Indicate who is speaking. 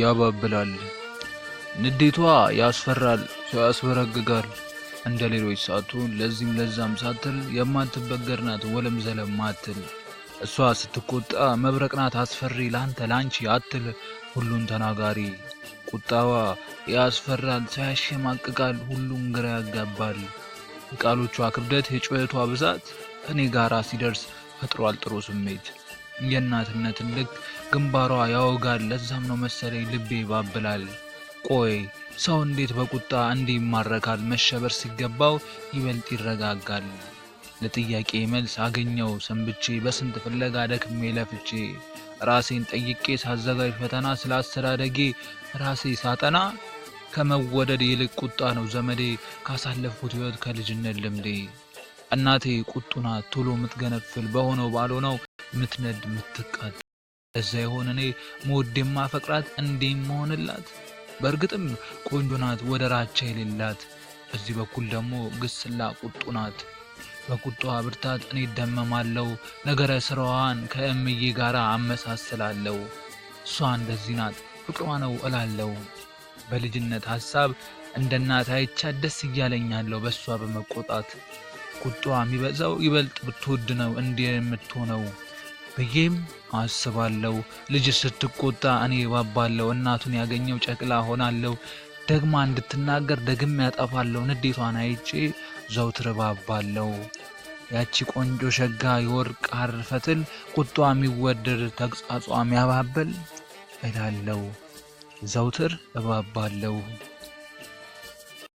Speaker 1: ያባብላል። ንዴቷ ያስፈራል፣ ሰው ያስበረግጋል። እንደ ሌሎች ሳትሆን ለዚህም ለዛም ሳትል የማትበገር ናት፣ ወለም ዘለም ማትል። እሷ ስትቆጣ መብረቅ ናት አስፈሪ፣ ላንተ ላንቺ አትል ሁሉን ተናጋሪ። ቁጣዋ ያስፈራል፣ ሰው ያሸማቅቃል፣ ሁሉም ግራ ያጋባል። የቃሎቿ ክብደት፣ የጩኸቷ ብዛት ከኔ ጋራ ሲደርስ ፈጥሯል ጥሩ ስሜት የእናትነትን ልክ ግንባሯ ያወጋል። ለዛም ነው መሰለኝ ልቤ ባብላል። ቆይ ሰው እንዴት በቁጣ እንዲህ ይማረካል? መሸበር ሲገባው ይበልጥ ይረጋጋል። ለጥያቄ መልስ አገኘው ሰንብቼ፣ በስንት ፍለጋ ደክሜ ለፍቼ፣ ራሴን ጠይቄ ሳዘጋጅ ፈተና፣ ስለ ራሴ ሳጠና፣ ከመወደድ ይልቅ ቁጣ ነው ዘመዴ፣ ካሳለፍኩት ሕይወት ከልጅነት ልምዴ። እናቴ ቁጡና ቶሎ የምትገነፍል፣ በሆነው ባልሆነው ምትነድ ምትቃጥ እዛ የሆነ እኔ ሞድ የማፈቅራት እንዴ መሆንላት በእርግጥም ቆንጆ ናት፣ ወደ ራቻ የሌላት። በዚህ በኩል ደግሞ ግስላ ቁጡ ናት። በቁጣዋ ብርታት እኔ ደመማለው፣ ነገረ ስራዋን ከእምዬ ጋር አመሳስላለው። እሷ እንደዚህ ናት፣ ፍቅሯ ነው እላለው። በልጅነት ሐሳብ እንደ እናት አይቻ ደስ እያለኛለሁ በእሷ በመቆጣት። ቁጣዋ የሚበዛው ይበልጥ ብትወድ ነው እንዲህ የምትሆነው። ብዬም አስባለሁ። ልጅ ስትቆጣ እኔ ባባለሁ፣ እናቱን ያገኘው ጨቅላ ሆናለሁ። ደግማ እንድትናገር ደግም ያጠፋለሁ። ንዴቷን አይቼ ዘውትር ባባለሁ። ያቺ ቆንጆ ሸጋ የወርቅ ሐር ፈትል ቁጧ የሚወደድ ተግጻጿ የሚያባብል እላለሁ። ዘውትር እባባለሁ።